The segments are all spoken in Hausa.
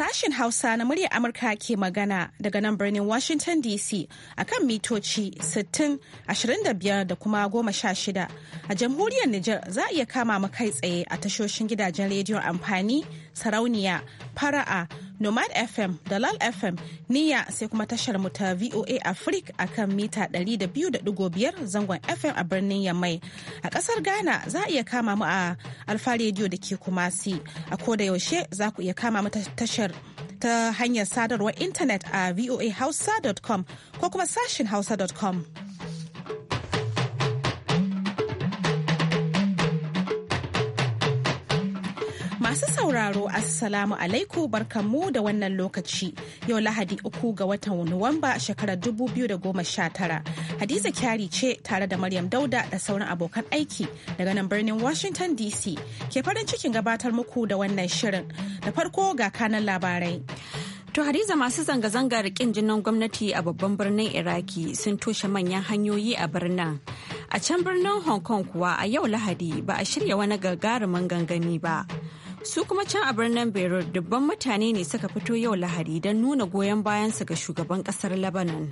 casa sashen Hausa na muryar Amurka ke magana daga nan birnin Washington DC akan mitoci 60, 25 da kuma 16. A jamhuriyar Nijar za a iya kama mu kai tsaye a tashoshin gidajen rediyon amfani, sarauniya, fara'a, Nomad FM da Lal FM niya sai kuma tashar mu ta VOA Africa akan mita 200.5 zangon FM a birnin Yamai. A kasar Ghana za a iya kama mu a Alfa Radio da ke Kumasi. A koda yaushe za ku iya kama mu tashar ta hanyar sadarwar intanet a voahausa.com ko kuma sashen hausa.com. Masu sauraro Assalamu alaikum barkanmu da wannan lokaci yau Lahadi uku ga watan Nuwamba shekarar tara Hadiza kyari ce tare da Maryam Dauda da sauran abokan aiki daga nan birnin Washington DC ke farin cikin gabatar muku da wannan shirin. Da farko ga kanan labarai. To Hadiza masu zanga-zangar kin jinin gwamnati a babban birnin Iraki sun toshe manyan hanyoyi a birnin. A can birnin Hong Kong kuwa a yau Lahadi ba a shirya wani gagarumin gangami ba. Su kuma can a birnin Beirut dubban mutane ne suka fito yau Lahadi don nuna goyon bayansu ga shugaban kasar Lebanon.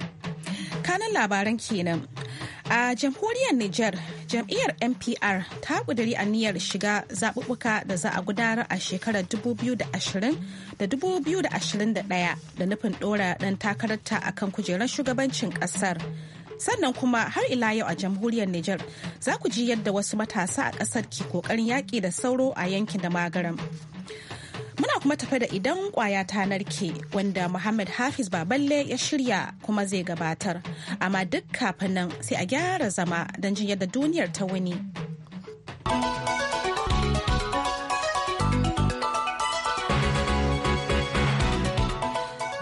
Kanan labaran kenan. A jamhuriyar Nijar, jam'iyyar NPR ta ƙudiri aniyar shiga zaɓuɓɓuka da za a gudanar a shekarar 2020 da 2021 da nufin ɗora ɗan takararta akan kujerar shugabancin ƙasar. sannan kuma har ila yau a jamhuriyar Nijar za ku ji yadda wasu matasa a ƙasar ke ƙoƙarin yaƙi da sauro a yankin da magaram. Muna kuma tafe da idan kwaya ta narke wanda Muhammad Hafiz Baballe ya shirya kuma zai gabatar. Amma duk kafin nan sai a gyara zama don jin yadda duniyar ta wuni.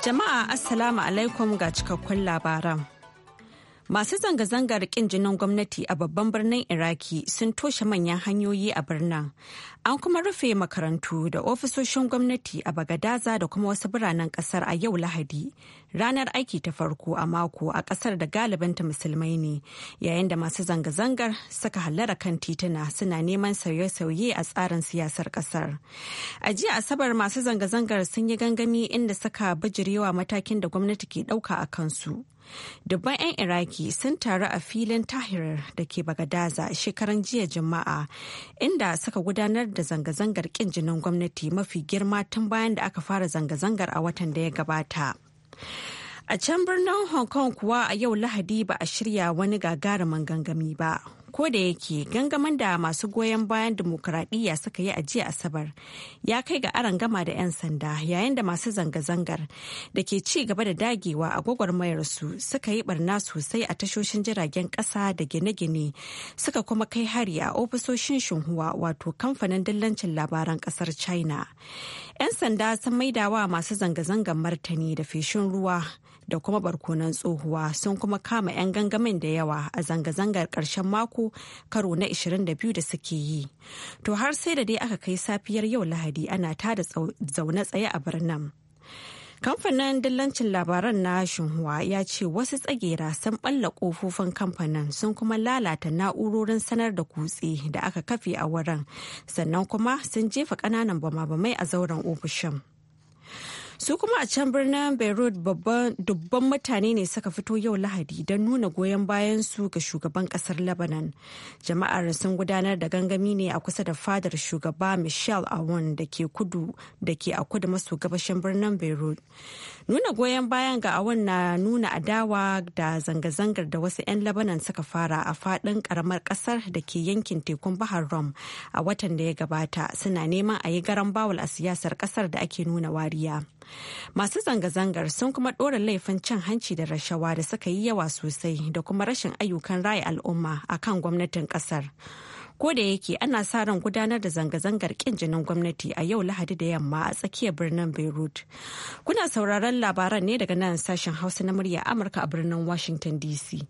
Jama'a Assalamu alaikum ga cikakkun labaran. Masu zanga-zangar ƙin jinin gwamnati a babban birnin Iraki sun toshe manyan hanyoyi a birnin. An kuma rufe makarantu da ofisoshin gwamnati a Bagadaza da kuma wasu biranen ƙasar a yau Lahadi, ranar aiki ta farko a mako a ƙasar da galibinta musulmai ne, yayin da masu zanga-zangar suka hallara kan tituna suna neman sauye-sauye a tsarin siyasar ƙasar. A jiya Asabar masu zanga-zangar sun yi gangami inda suka bijirewa matakin da gwamnati ke ɗauka a kansu. Dubban 'yan Iraki sun taru a filin Tahir da ke Bagadaza shekaran jiya Juma'a inda suka gudanar da zanga-zangar kin jinin gwamnati mafi girma tun bayan da aka fara zanga-zangar a watan da ya gabata. A can birnin Hong Kong kuwa a yau Lahadi ba a shirya wani gagarumin gangami ba. ko da yake gangamin da masu goyon bayan dimokuraɗiyya suka yi a jiya asabar ya kai ga aron gama da 'yan sanda yayin da masu zanga-zangar da ke ci gaba da dagewa a gwagwarmayarsu suka yi barna sosai a tashoshin jiragen ƙasa da gine-gine suka kuma kai hari a ofisoshin shinhuwa wato kamfanin dillancin labaran ƙasar china 'yan sanda sun maida wa masu zanga-zangar martani da feshin ruwa da kuma barkonan tsohuwa sun kuma kama 'yan gangamin da yawa a zanga-zangar ƙarshen mako karo na 22 da suke yi. To har sai da dai aka kai safiyar yau Lahadi ana ta da zaune tsaye a birnin. Kamfanin dillancin labaran na Shinhua ya ce wasu tsagera sun balla kofofin kamfanin sun kuma lalata na'urorin sanar da kutse da aka kafe a wurin sannan kuma sun jefa ƙananan bama-bamai a zauren ofishin. su kuma a can birnin beirut dubban mutane ne suka fito yau lahadi don nuna goyon bayan su ga shugaban kasar lebanon jama'ar sun gudanar da gangami ne a kusa da fadar shugaba michel awon da ke kudu da ke a kudu maso gabashin birnin beirut nuna goyon bayan ga awon na nuna adawa da zanga-zangar da wasu 'yan lebanon suka fara a fadin karamar kasar da ke yankin tekun bahar rom a watan da ya gabata suna neman a yi garan bawul a siyasar kasar da ake nuna wariya. Masu zanga-zangar sun kuma ɗora laifin cin hanci da rashawa da suka yi yawa sosai da kuma rashin ayyukan raya al'umma a kan gwamnatin ƙasar. Ko da yake ana sa ran gudanar da zanga-zangar ƙin jinin gwamnati a yau Lahadi da yamma a tsakiyar birnin Beirut. Kuna sauraron labaran ne daga nan sashen Hausa na murya Amurka a birnin Washington DC.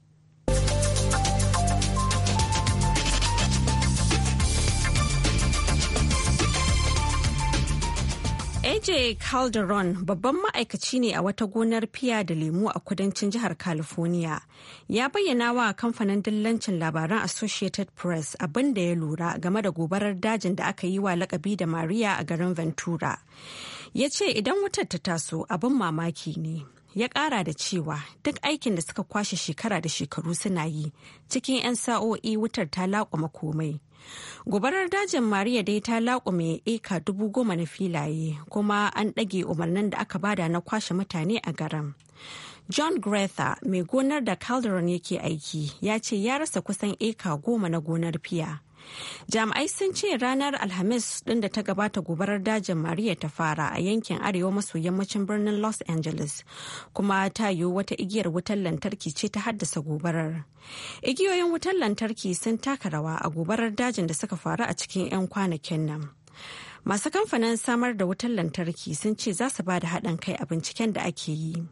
AJ Calderon babban ma'aikaci ne a wata gonar fiya da lemu a kudancin jihar California. Ya bayyana wa kamfanin dillancin labaran Associated Press abin da ya lura game da gobarar dajin da aka yi wa lakabi da Maria a garin Ventura. Ya ce idan wutar ta taso abin mamaki ne. Ya kara da cewa duk aikin da suka kwashe shekara da shekaru suna yi cikin 'yan sa'o'i wutar ta laƙwama komai. gobarar dajin mariya dai ta laƙume eka dubu goma na filaye kuma an ɗage umarnin da aka bada na kwashe mutane a garin john grether mai gonar da calderon yake aiki ya ce ya rasa kusan eka goma na gonar fiya jami'ai sun ce ranar alhamis din da ta gabata gobarar dajin mariya ta fara a yankin arewa maso yammacin birnin los angeles kuma ta yiwu wata igiyar wutar lantarki ce ta haddasa gobarar igiyoyin wutar lantarki sun taka rawa a gobarar dajin da suka faru a cikin 'yan kwanakin nan masu kamfanin samar da wutar lantarki sun ce za su ba da haɗin kai a binciken da ake yi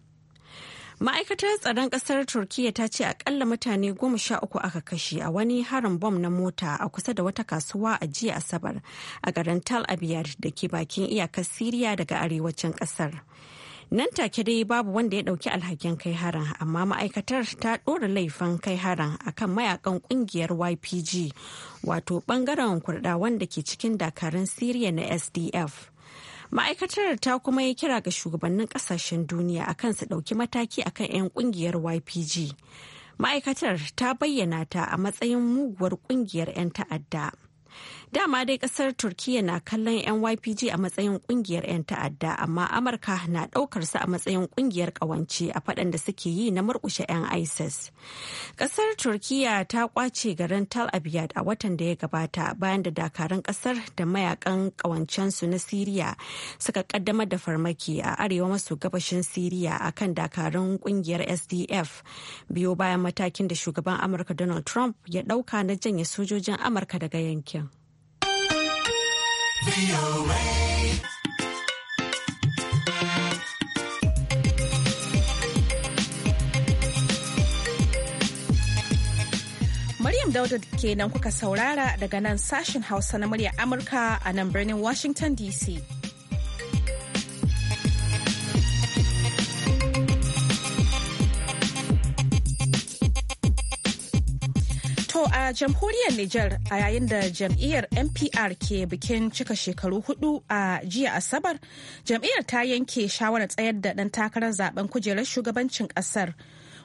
Ma'aikatar tsaron ƙasar Turkiyya ta ce akalla mutane goma sha uku aka kashe a wani harin bom na mota a kusa da wata kasuwa a jiya Asabar a garin Tal Abyad da ke bakin iyakar Siriya daga arewacin ƙasar. Nan take dai babu wanda ya ɗauki alhakin kai harin amma ma'aikatar ta ɗora laifin kai harin akan mayakan ƙungiyar YPG wato ɓangaren kurɗa wanda ke cikin dakarun Siriya na SDF. ma'aikatar ta kuma yi kira ga shugabannin kasashen duniya akan su ɗauki mataki akan 'yan kungiyar ypg ma'aikatar ta bayyana ta a matsayin muguwar kungiyar 'yan ta'adda Dama dai kasar Turkiyya na kallon 'yan YPG a matsayin kungiyar 'yan ta'adda amma Amurka na daukar su a matsayin kungiyar kawance a faɗan da suke yi na murkushe 'yan ISIS. Kasar Turkiyya ta kwace garin Tal Abyad a watan da ya gabata bayan da dakarun kasar da mayakan ƙawancensu na Siriya suka kaddamar da farmaki a arewa maso gabashin Siriya akan dakarun kungiyar SDF biyo bayan matakin da shugaban Amurka Donald Trump ya dauka na janye sojojin Amurka daga yankin. Maryam Dauda kenan kuka saurara daga nan sashen Hausa na muryar Amurka a nan birnin Washington DC. To a jamhuriyar Nijar a yayin da jam'iyyar NPR ke bikin cika shekaru hudu a jiya Asabar, jam'iyyar ta yanke shawarar tsayar da ɗan takarar zaben kujerar shugabancin ƙasar.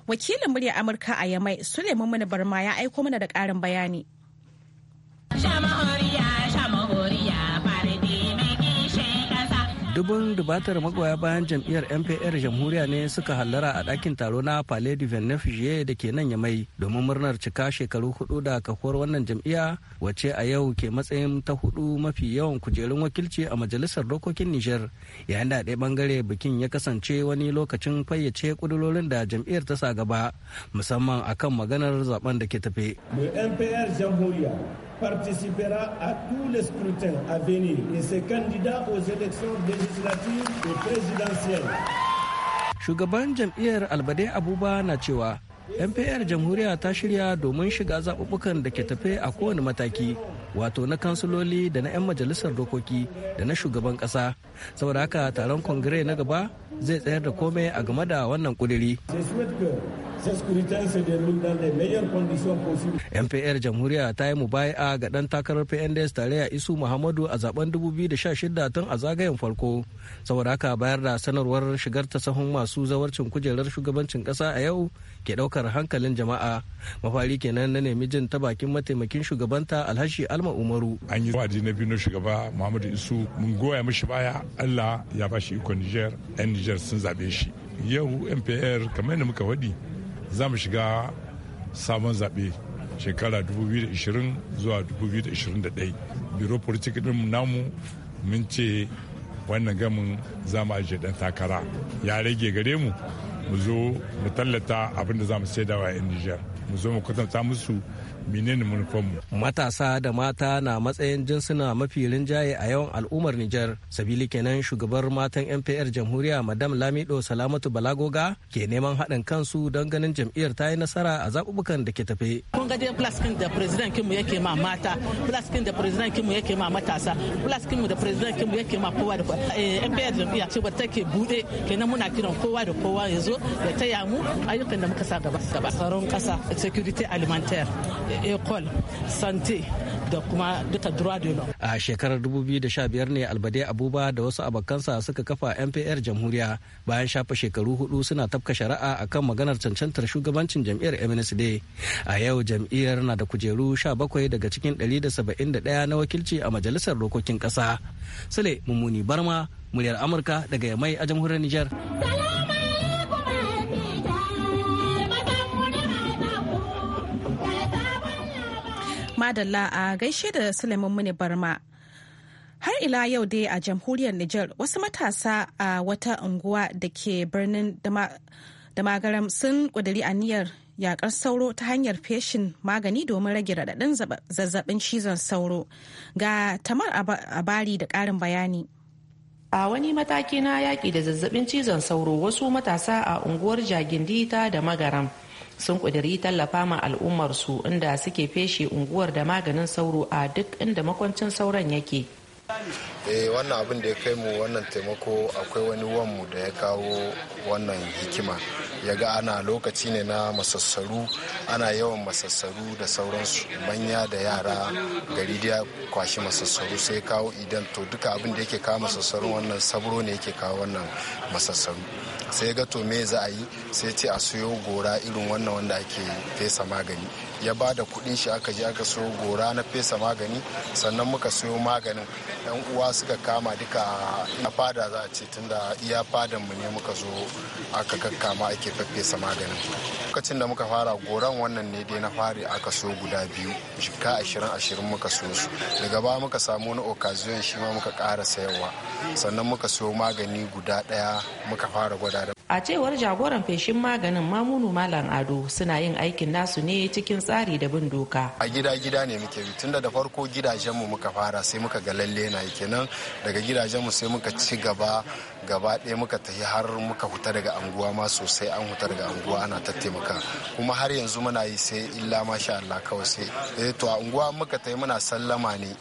Wakilin murya Amurka a Yamai Suleiman Mini Barma ya aiko mana da ƙarin bayani. dubun dubatar magoya bayan jam'iyyar mpr jamhuriya ne suka hallara a ɗakin taro na palais du da ke nan yamai domin murnar cika shekaru hudu da kafuwar wannan jam'iyya wacce a yau ke matsayin ta hudu mafi yawan kujerun wakilci a majalisar dokokin Niger yayin da ɗaya bangare bikin ya kasance wani lokacin fayyace kudurorin da jam'iyyar ta sa gaba musamman akan maganar zaben da ke tafe. mpr jamhuriya participera à tous les scrutins à venir et ses candidats aux élections législatives et présidentielles. Shugaban jam'iyyar Albade Abuba na cewa NPR jamhuriya ta shirya domin shiga zaɓuɓɓukan da ke tafe a kowane mataki wato na kansuloli da na 'yan majalisar dokoki da na shugaban ƙasa saboda haka taron kongire na gaba zai tsayar da komai a game da wannan ƙuduri. npr Jamhuriya ta yi mubaya ga dan takarar PNDS tarayya Isu Muhammadu a zaben 2016 tun a zagayen farko. Saboda haka bayar da sanarwar shigar ta sahun masu zawarcin kujerar shugabancin kasa a yau ke daukar hankalin jama'a. Mafari kenan na nemi jin ta bakin mataimakin shugabanta Alhashi Alma Umaru. An yi wadi na biyu na shugaba Muhammadu Isu mun goya mishi baya Allah ya bashi ikon Niger 'yan Niger sun zabe shi. Yau MPR kamar yadda muka waɗi za mu shiga sabon zaɓe shekara 2020 zuwa 2021 biro politik ɗin namu mun ce wannan gamin za mu ajiye dan takara ya rage gare mu mu zo mu tallata abin da za mu saidawa 'yan nijar mu zo mu kwatanta musu menene manufarmu. Matasa da mata na matsayin jinsuna mafi rinjaye a yawan al'ummar Nijar. Sabili kenan shugabar matan NPR jamhuriya Madam Lamido Salamatu Balagoga ke neman haɗin kansu don ganin jam'iyyar ta yi nasara a zaɓuɓɓukan da ke tafe. Kun ga dai plaskin da president kinmu yake ma mata, plaskin da president kinmu yake ma matasa, plaskin da president kinmu yake ma kowa da kowa. Eh, NPR jam'iyya ce ba take buɗe kenan muna kiran kowa da kowa ya zo ya taya mu ayyukan da muka sa gaba. Tsaron ƙasa, security alimentaire, ecol sante da kuma duka droit de l'homme a shekarar 2015 ne albade abuba da wasu abokansa suka kafa npr jamhuriya bayan shafa shekaru hudu suna tafka shari'a akan maganar cancantar shugabancin jam'iyyar mnsd a yau jam'iyyar na da kujeru 17 daga cikin 171 na wakilci a majalisar dokokin kasa sule mummuni barma muryar amurka daga yamai a jamhuriyar niger madalla a gaishe da Suleiman mune Barma. Har ila yau dai a jamhuriyar Nijar wasu matasa a wata unguwa da ke birnin Damagaram sun ƙudiri aniyar yakar sauro ta hanyar feshin magani domin rage raɗaɗin zazzabin cizon sauro. Ga tamar abari da ƙarin bayani. A wani mataki na yaƙi da zazzabin cizon sauro wasu matasa a unguwar Jagindi ta da magaram sun ƙudiri tallafa ma al'ummarsu inda suke feshe unguwar da maganin sauro a duk inda makwancin sauran yake eh wannan abin da ya kai mu wannan taimako akwai wani wanmu da ya kawo wannan hikima ya ga ana lokaci ne na masassaru ana yawan masassaru da sauransu manya da yara gari da kwashi masassaru sai kawo idan to duka abin da yake kawo masassaru wannan sabro ne yake kawo wannan masassaru sai ga to me za a yi sai ce a suyo gora irin wannan wanda ake fesa magani ya ba da kuɗin shi aka je aka so gora na fesa magani sannan muka sayo maganin yan uwa suka kama duka ya fada za a ce tunda iya fadan mu ne muka zo aka kakkama ake fesa maganin lokacin da muka fara goran wannan ne dai na fari aka so guda biyu shika ashirin ashirin muka so su daga ba muka samu wani occasion shi ma muka kara sayarwa sannan muka siyo magani guda ɗaya muka fara gwada da a cewar jagoran feshin maganin mamunu malam ado suna yin aikin nasu ne cikin tsari da bin doka a gida gida ne muke bi tunda da farko gidajenmu muka fara sai muka ga lalle na kenan daga gidajenmu sai muka ci gaba gaba ɗaya muka tafi har muka huta daga anguwa ma sosai an huta daga anguwa ana ta taimaka kuma har yanzu muna yi sai illa masha Allah kawai sai eh to a unguwa muka tafi muna sallama ne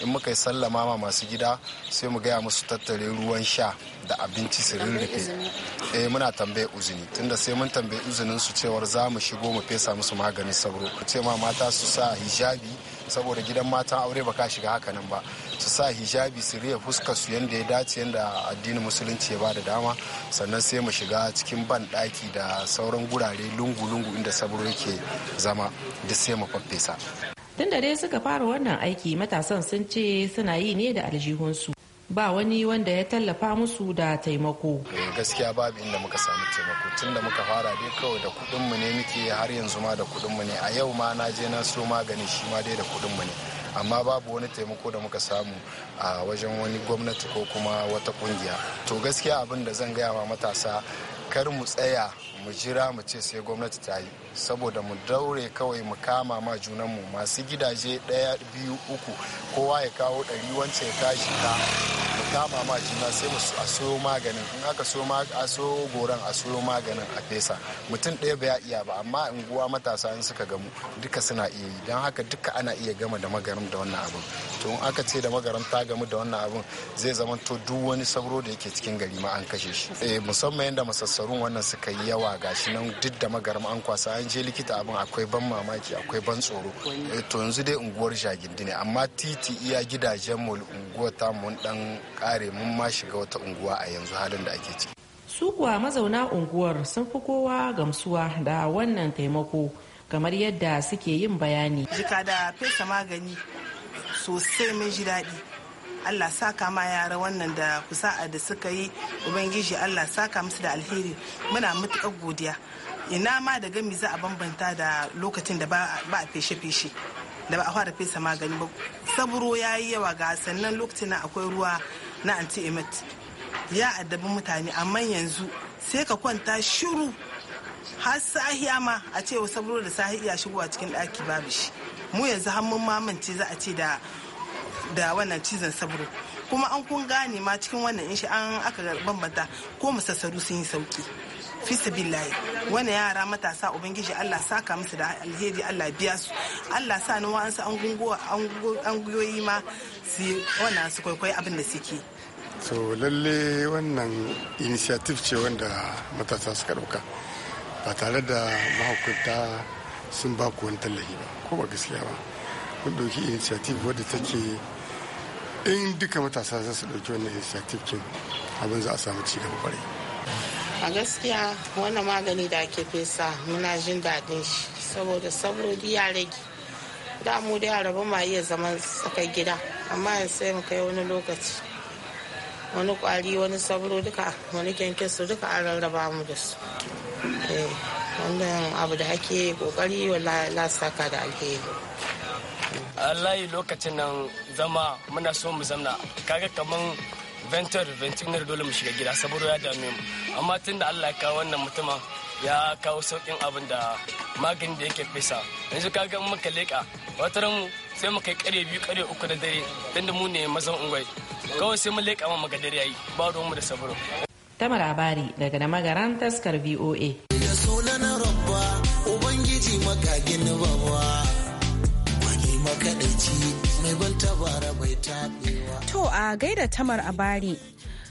in muka yi sallama ma masu gida sai mu gaya musu tattare ruwan sha da abinci su rirrife eh muna tambaye uzini tunda sai mun tambaye uzinin su cewar za mu shigo mu fesa musu maganin sauro ce ma mata su sa hijabi saboda gidan matan aure ba ka shiga haka nan ba su sa hijabi su riya fuskar su yanda ya dace yadda addinin musulunci ya bada dama sannan sai mu shiga cikin ban daki da sauran gurare lungu-lungu inda saburo yake zama duk sai mu faffesa tun da dai suka fara wannan aiki matasan sun ce suna yi ne da aljihunsu ba wani wanda ya tallafa musu da taimako. Eh, gaskiya babu inda muka samu taimako tun da muka fara dai kawai da kudinmu ne muke har yanzu ma da kudinmu ne a yau ma na je na so magani shi ma dai da kudinmu ne. amma babu wani taimako da muka samu a wajen wani gwamnati ko kuma wata kungiya to gaskiya abin da zan gaya wa matasa kar mu tsaya mu jira mu ce sai gwamnati ta yi saboda mu daure kawai mu kama ma junanmu masu gidaje ɗaya biyu uku kowa ya kawo ɗari wancan ya tashi ta kama ma juna sai a soyo maganin in aka so a soyo goran a soyo maganin a fesa mutum ɗaya bai iya ba amma unguwa matasa in suka gamu duka suna iya yi don haka duka ana iya gama da magarin da wannan abin to in aka ce da magarin ta gamu da wannan abin zai zama to duk wani sauro da yake cikin gari ma an kashe shi eh musamman yanda masassarun wannan suka yi yawa gashi nan duk da magarin an kwasa an je likita abin akwai ban mamaki akwai ban tsoro eh, to yanzu dai unguwar jagindi ne amma titi iya gidajen mu unguwar ta mun dan kare mun ma shiga wata unguwa a yanzu halin da ake ciki su kuwa mazauna unguwar sun fi kowa gamsuwa da wannan taimako kamar yadda suke yin bayani jika da fesa magani sosai mai ji daɗi allah saka ma yara wannan da a da suka yi ubangiji allah saka musu da alheri muna matuƙar godiya ina ma da gami za a bambanta da lokacin da ba a feshe-feshe da ba a fara fesa magani ba saburo ya yi yawa ga sannan lokacin akwai ruwa na anti emet ya addabi mutane amma yanzu sai ka kwanta shiru har sahiya ma a ce wa sabro da sahiya iya shigowa cikin ɗaki babu shi mu yanzu har mun mamance za a ce da da wannan cizon sabro kuma an kun gane ma cikin wannan in shi an aka bambanta ko musassaru sun yi sauki fisabillahi wani yara matasa ubangiji allah saka musu da alheri allah biya su allah sa ni wa'ansu an guyoyi ma su wana su kwaikwai abin da suke so lalle wannan initiative ce wanda matasa suka ɗauka ba tare da mahukunta sun ba ku wani tallafi ba ko ba gaskiya ba kun doki initiative wadda take in duka matasa za su dauki wannan initiative kin abin za a samu ci gaba kwarai a gaskiya wani magani da ake fesa muna jin daɗin shi saboda saboda ya rage da mu da yara ba ma iya zaman tsakar gida amma sai mu kai wani lokaci wani kwari wani sabro duka wani kyankyaso duka an rarraba mu da su eh, wannan abu da ake kokari wa lasaka da alheri Allah yi lokacin nan zama muna so mu zamna kaga kamar venture na dole mu shiga gida saboda ya dame mu amma tun da Allah ya kawo wannan mutumin ya kawo saukin abin da maganin da yake fesa yanzu ka ga muka leka wata mu sai mu kai kare biyu kare uku da dare dan da mu ne mazan ungwai kawai sai mu leka ma dare yayi ba ruwan mu da saburo ta labari daga da magaran taskar VOA da sunan rabba ubangiji makagin baba wani To a gaida tamar a bari.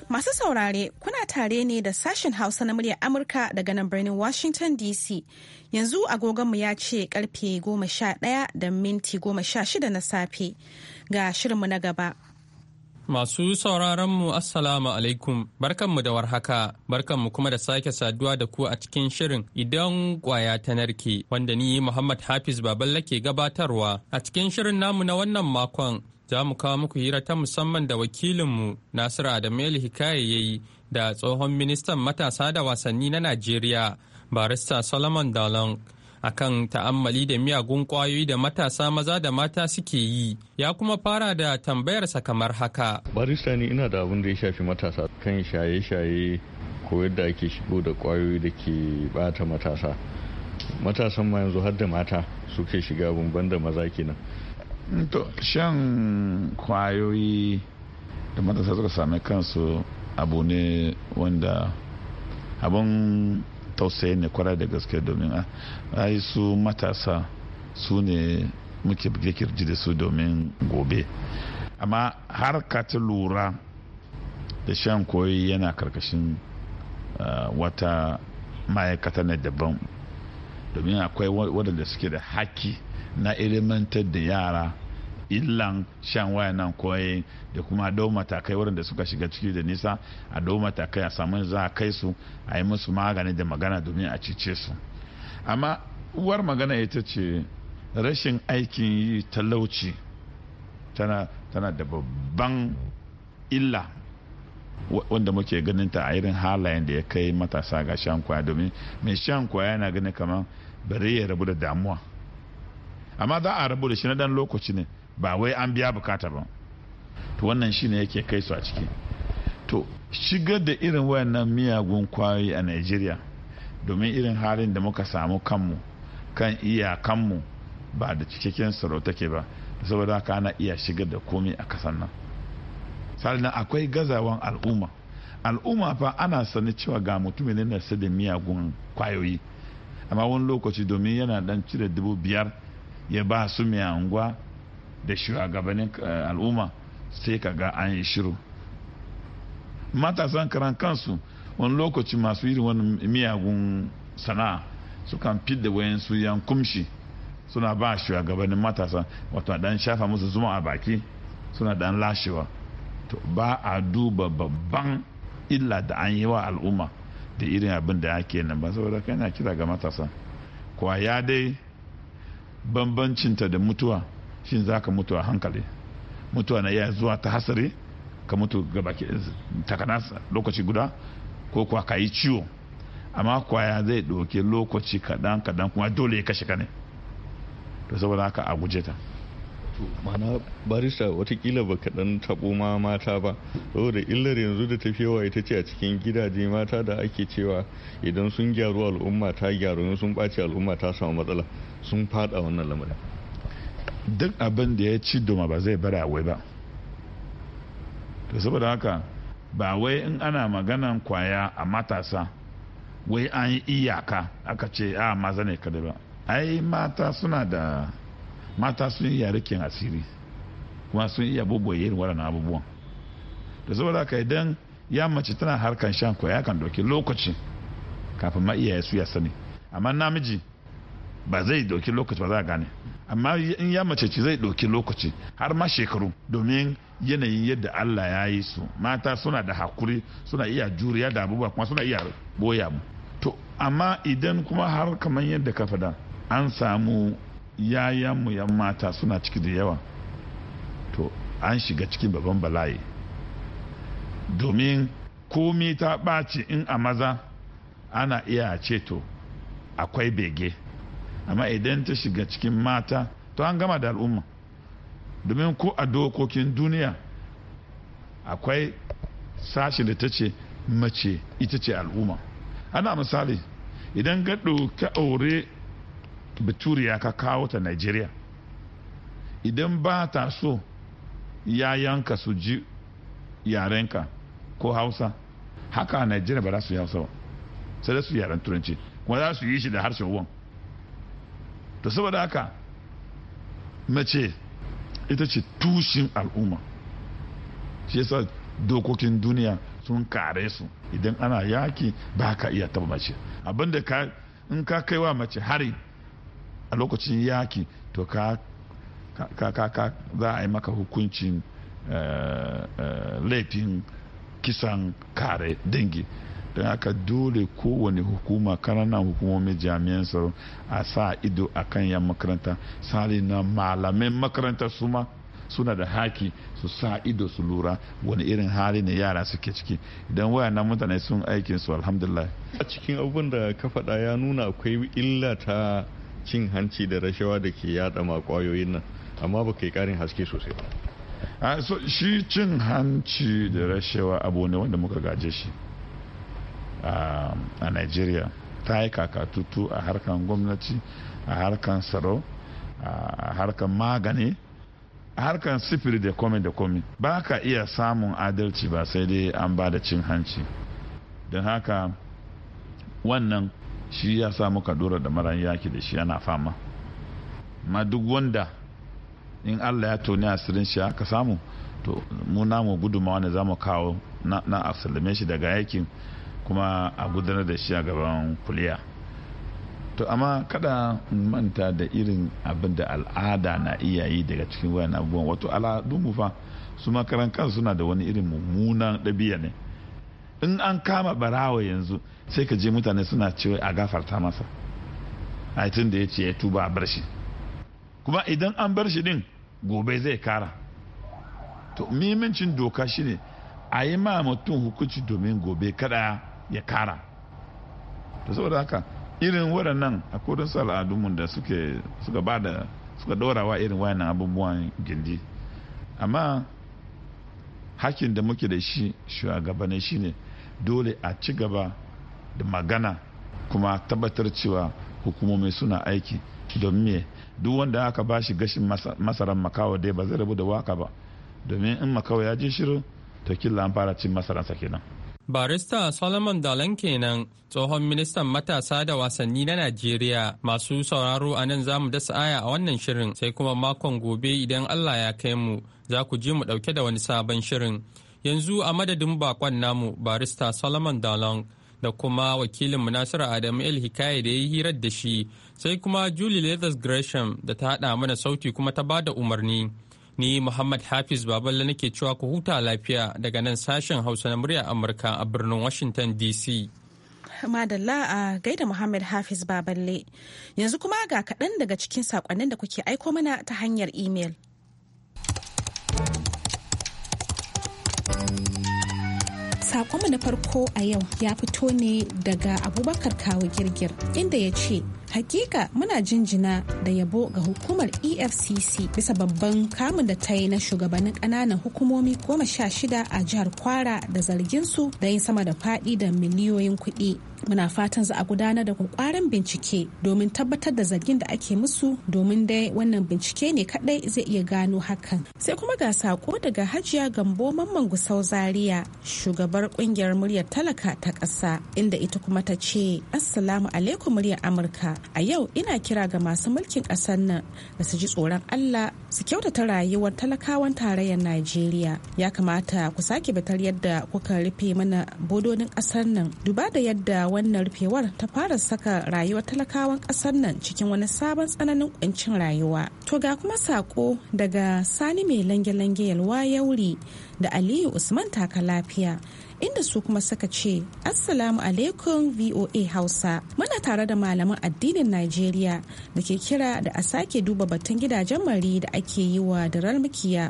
Masu saurare kuna tare ne da sashen Hausa na muryar Amurka daga nan birnin Washington DC. Yanzu agogonmu ya ce karfe 11 da minti 16 na safe ga shirinmu na gaba. Masu sauraronmu Assalamu alaikum, barkanmu da warhaka, barkanmu kuma da sake saduwa da ku a cikin shirin idan kwaya ta narke wanda ni Muhammad Hafiz Baballa ke gabatarwa. A cikin shirin namu na wannan makon za mu kawo muku hira ta musamman da wakilinmu Nasiru Adamu Hikaye ya da tsohon ministan matasa da wasanni na Najeriya, Barista Solomon Dalong. akan ta'ammali da miyagun kwayoyi da matasa maza da mata suke yi ya kuma fara da tambayarsa kamar haka barista ne ina da abin da ya shafi matasa kan shaye-shaye ko yadda ake shigo da kwayoyi da ke bata matasa matasan ma yanzu har da mata suke shiga bumban da maza kenan shan kwayoyi da matasa suka sami kansu abu ne wanda abun tausayi ne kwarai da gaske domin a ah, yi su matasa su ne muke kirji da su domin gobe amma har ka ta lura da shan koyi yana karkashin ah, wata ma'aikata na daban domin akwai wadanda suke da haki na ilimantar da yara illan shan waya nan koyi da kuma dau matakai wurin da suka shiga ciki da nisa a dau matakai a samu za a kai su a yi musu magani da magana domin a cice su amma uwar magana ita ce rashin aikin yi talauci tana tana da babban illa wanda muke ganin ta a irin halayen da ya kai matasa ga shan kwaya domin mai shan kwaya yana gani kamar bari ya rabu da damuwa amma za a rabu da shi na dan lokaci ne ba wai an biya bukata ba to wannan shine yake kai su a ciki to shigar da irin wayannan miyagun kwayoyi a Najeriya domin irin halin da muka samu kanmu kan iyakanmu ba da cikakken sarauta ke ba saboda haka ana iya shigar da komai a kasan nan sannan akwai gazawan al'umma al'umma fa ana sani cewa ga mutumin na sai da miyagun kwayoyi amma wani lokaci domin yana dan cire dubu biyar ya ba su mai anguwa da shugabannin eh, al'umma sai ka ga an yi shiru matasan karan kansu wani lokaci masu irin wani miyagun sana'a sukan fidda wayan su yan kumshi suna ba shugabannin matasa wato dan shafa musu zuma a baki suna dan lashewa to ba a duba babban illa da an yi wa al'umma da irin abin da ake nan ba saboda kai na kira ga matasa ya dai bambancinta da mutuwa shin za ka mutu a hankali mutuwa na ya zuwa ta hasari ka mutu gabaki takanas lokaci guda ko kuwa ka yi ciwo amma kwaya zai ɗauki lokaci kaɗan kaɗan kuma dole ya kashe ka ne to saboda haka a guje ta mana barista watakila ba kaɗan tabo ma mata ba saboda illar yanzu da tafiyawa ita ce a cikin gidaje mata da ake cewa idan sun gyaru al'umma ta gyaru sun ɓaci al'umma ta samu matsala sun faɗa wannan lamarin duk abin da ya ci doma ba zai bari wai ba to saboda haka ba wai in ana maganan kwaya a matasa wai an yi iyaka aka ce a maza ne kada ba ai mata suna da mata sun yi yarikin asiri kuma sun iya abubuwa irin waɗannan abubuwan da saboda haka idan ya mace tana harkan shan kwaya kan doki lokaci kafin ma iyaye su ya sani amma namiji ba zai ɗauki lokaci ba za a gane amma in ya mace ci zai ɗauki lokaci har ma shekaru domin yanayin yadda Allah ya yi su mata suna da hakuri suna iya juriya da abubuwa kuma suna iya boya mu to amma idan kuma har kamar yadda ka faɗa an samu yayanmu yan mata suna ciki da yawa to an shiga cikin babban bala'i domin komi ta ɓaci in a maza ana iya ce to akwai bege amma idan ta shiga cikin mata to an gama da al'umma domin ko a dokokin duniya akwai sashi da ta ce mace ita ce al'umma ana misali idan ka ɗauki aure baturiya ka kawo ta nigeria idan ba ta so ya yanka su ji yarenka ko hausa haka a nigeria ba za su yi hausa ba sai da su yaren turanci kuma za su yi shi da harshen uwan to saboda haka mace ita ce tushen al'umma shi yasa dokokin duniya sun kare su idan ana yaki ba ka iya taba mace abinda ka in ka kai wa mace hari a lokacin yaki to ka za a yi maka hukuncin eh, eh, laifin kisan kare dangi don haka dole kowane hukuma kananan hukumomin jami'an tsaro a sa ido a kan yan makaranta sali na malamin makaranta su ma suna da haki su sa ido su lura wani irin hali ne yara suke ciki idan waya na mutane sun aikin su alhamdulillah a cikin abubuwan da ka faɗa ya nuna akwai illa ta cin hanci da rashawa da ke yada ma kwayoyin nan amma ba kai karin haske sosai ba shi cin hanci da rashawa abu ne wanda muka gaje shi Um, a nigeria ta yi kakatutu a harkan gwamnati a harkar tsaro a harkar magani a harkar sifiri da komi da komi ba ka iya samun adalci ba sai dai an ba da cin hanci don haka wannan shi ya sa muka dora da maran yaki da shi yana fama ma duk wanda in allah ya toni asirin shi aka samu to mu namu gudumawa ne za mu kawo na asalame shi daga yakin kuma a gudanar da shi a gaban kuliya to amma kada manta da irin abin da al'ada na iya yi daga cikin wayan abubuwan wato al'adunmu fa su makaran suna da wani irin mummunan ɗabi'a ne in an kama barawa yanzu sai ka je mutane suna cewa a gafarta masa a tun da ya ce ya tuba a bar shi kuma idan an bar shi din gobe zai kara to mimincin doka shine a yi ma mutum hukunci domin gobe kada ya kara da saboda haka irin waɗannan a kudin su al'adunmu da suke suka ba da suka dorawa irin wayannan abubuwan gindi amma hakin da muke da shi shi ne dole a ci gaba da magana kuma tabbatar cewa hukumomi suna aiki domin me duk wanda aka ba shi gashin masaran makawa dai ba zai rabu da waka ba domin in makawa ya ji shiru to kila an fara cin masaransa kenan Barista Solomon Dalen kenan tsohon ministan matasa da wasanni na Najeriya masu sauraro a nan za mu dasa aya a wannan shirin sai kuma makon gobe idan Allah ya kai mu za ku ji mu ɗauke da wani sabon shirin. Yanzu a madadin bakon namu Barista Solomon Dalen da kuma wakilin Nasiru Adamu El Hikaye da ya yi hirar da shi sai kuma Julie Leathers Gresham da ta haɗa mana sauti kuma ta ba da umarni. Ni Muhammad Hafiz Baballe nake cewa ku huta lafiya daga nan sashen Hausa na murya Amurka a birnin Washington DC. Madalla a gaida Muhammad Hafiz Baballe. Yanzu kuma ga kaɗan daga cikin saƙonnin da kuke aiko mana ta hanyar imel. Sakonmu na farko a yau ya fito ne daga Abubakar Kawo Girgir inda ya ce, Hakika muna jinjina da yabo ga hukumar EFCC bisa babban kamun da ta yi na shugabannin ƙananan hukumomi goma sha shida a jihar Kwara da zarginsu da yin sama da faɗi da miliyoyin kuɗi muna fatan za a gudanar da kwakwaran bincike domin tabbatar da zargin da ake musu domin dai wannan bincike ne kadai zai iya gano hakan sai kuma ga sako daga hajiya gambo mamman gusau zaria shugabar kungiyar muryar talaka ta ƙasa inda ita kuma ta ce assalamu alaikum muryar amurka a yau ina kira ga masu mulkin ƙasar nan da su ji tsoron allah su kyautata rayuwar talakawan tarayyar najeriya ya kamata ku sake batar yadda kuka rufe mana bodonin ƙasar nan duba da yadda wannan rufewar ta fara saka rayuwar talakawan ƙasar nan cikin wani sabon tsananin ƙuncin rayuwa. To ga kuma sako daga Sani mai lange-lange yalwa yauri da Aliyu Usman taka lafiya inda su kuma suka ce assalamu alaikum voa hausa muna tare da malaman addinin najeriya da ke kira da a sake duba batun gidajen mari da ake yi wa da mikiya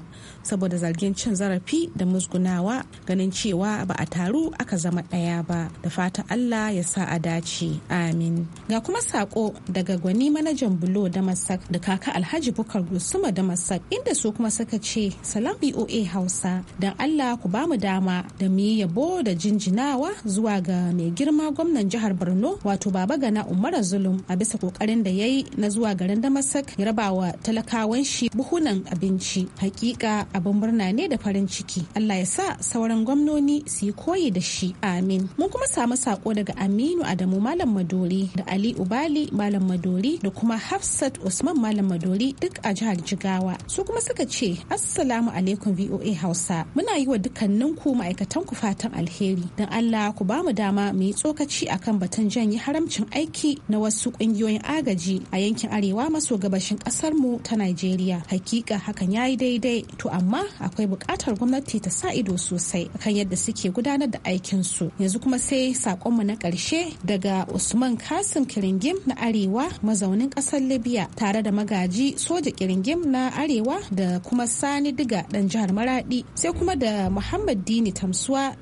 saboda zargin cin zarafi da musgunawa ganin cewa ba a taru aka zama ɗaya ba da fatan allah ya sa a dace amin ga kuma sako daga gwani manajan bulo da masak da kaka alhaji bukar gusuma da masak inda su kuma suka ce salam voa hausa don allah ku ba mu dama da mu yi yabo yabo da jinjinawa zuwa ga mai girma gwamnan jihar borno wato baba gana umar zulum a bisa kokarin da ya yi na zuwa garin damasak ya raba wa talakawan shi buhunan abinci hakika abin murna ne da farin ciki allah ya sa sauran gwamnoni su yi koyi da shi amin mun kuma samu sako daga aminu adamu malam madori da ali ubali malam madori da kuma hafsat usman malam madori duk a jihar jigawa su kuma suka ce assalamu alaikum voa hausa muna yi wa dukkanin ku ma'aikatan ku fatan fatan alheri don allah ku ba mu dama mu yi tsokaci akan batun janye haramcin aiki na wasu kungiyoyin agaji a yankin arewa maso gabashin kasar mu ta nigeria hakika hakan ya yi daidai to amma akwai buƙatar gwamnati ta sa ido sosai akan yadda suke gudanar da aikinsu yanzu kuma sai sakonmu na ƙarshe daga usman kasim kiringim na arewa mazaunin ƙasar libya tare da magaji soja kiringim na arewa da kuma sani diga ɗan jihar maradi sai kuma da muhammad dini tamsuwa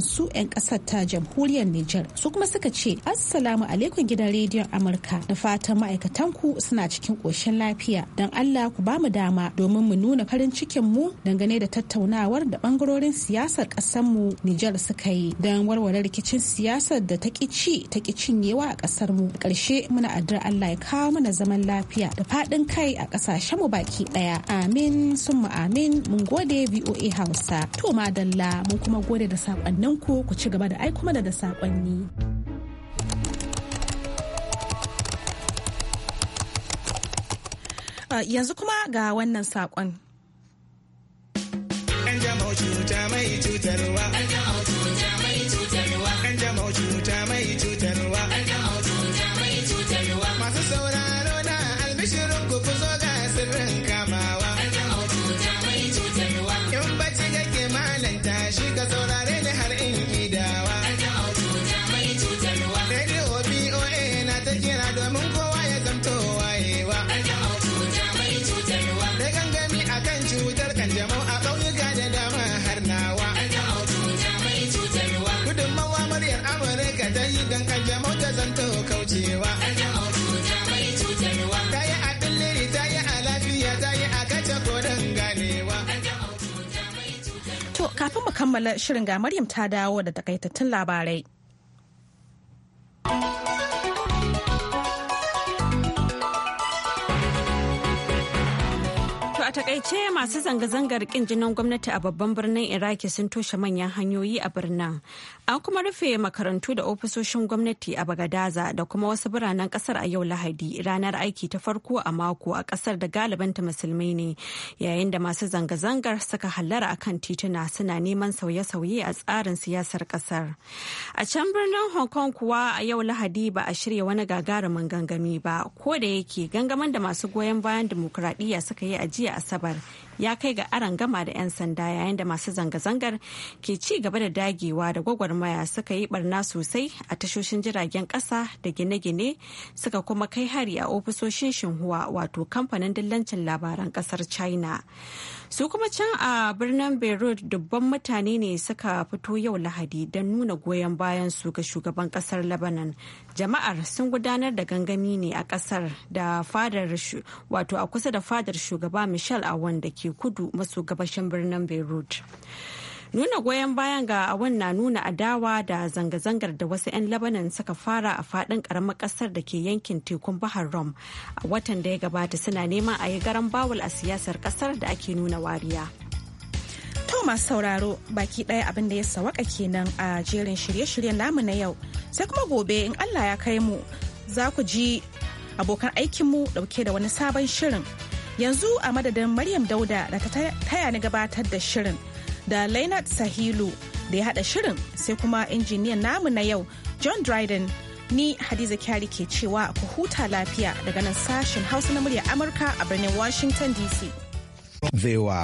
su 'yan ƙasar ta jamhuriyar Nijar. Su kuma suka ce, Assalamu alaikum gidan rediyon Amurka da fatan ma'aikatan ku suna cikin ƙoshin lafiya. Don Allah ku ba mu dama domin mu nuna farin cikin mu dangane da tattaunawar da bangarorin siyasar ƙasar mu Nijar suka yi don warware rikicin siyasar da ta ci ta cinyewa a ƙasar mu. Ƙarshe muna addu'ar Allah ya kawo mana zaman lafiya da faɗin kai a ƙasashen mu baki ɗaya. Amin sun mu amin mun gode VOA Hausa. To madalla mun kuma gode da sa sakonnin ku ci gaba da aiko mana da sakonni uh, Yanzu kuma ga wannan sakon An cuta mai cutarwa. Kafin mu kammala shirin ga Maryam ta dawo da takaitattun labarai. takaice masu zanga-zangar kin jinin gwamnati a babban birnin Iraki sun toshe manyan hanyoyi a birnin. An kuma rufe makarantu da ofisoshin gwamnati a Bagadaza da kuma wasu biranen kasar a yau Lahadi ranar aiki ta farko a mako a kasar da galibanta musulmai ne yayin da masu zanga-zangar suka hallara akan tituna suna neman sauye-sauye a tsarin siyasar kasar. A can birnin Hong Kong kuwa a yau Lahadi ba a shirya wani gagarumin gangami ba ko da yake gangamin da masu goyon bayan dimokuraɗiyya suka yi a jiya Saber... ya kai ga aron gama da 'yan sanda yayin da masu zanga-zangar ke ci gaba da dagewa da gwagwarmaya suka yi barna sosai a tashoshin jiragen kasa da gine-gine suka kuma kai hari a ofisoshin shinhua wato kamfanin dillancin labaran kasar china su kuma can a birnin beirut dubban mutane ne suka fito yau lahadi don nuna goyon bayan su ga shugaban kasar lebanon jama'ar sun gudanar da gangami ne a kasar da fadar wato a kusa da fadar shugaba michel awon da ke ke kudu maso gabashin birnin beirut nuna goyon bayan ga awan na nuna adawa da zanga-zangar da wasu 'yan labanan suka fara a fadin karamar kasar da ke yankin tekun bahar rom a watan da ya gabata suna neman a yi garan bawul a siyasar kasar da ake nuna wariya to masu sauraro baki daya abin da ya sawaka kenan a jerin shirye-shiryen namu na yau sai kuma gobe in allah ya kai mu za ku ji abokan aikinmu dauke da wani sabon shirin yanzu a madadin maryam dauda da ta taya ni gabatar da shirin da Leonard Sahilu da ya hada shirin sai kuma injiniyan namu na yau John Dryden ni Hadiza Kyari ke cewa ku huta lafiya daga nan sashen Hausa na murya Amurka a birnin Washington DC.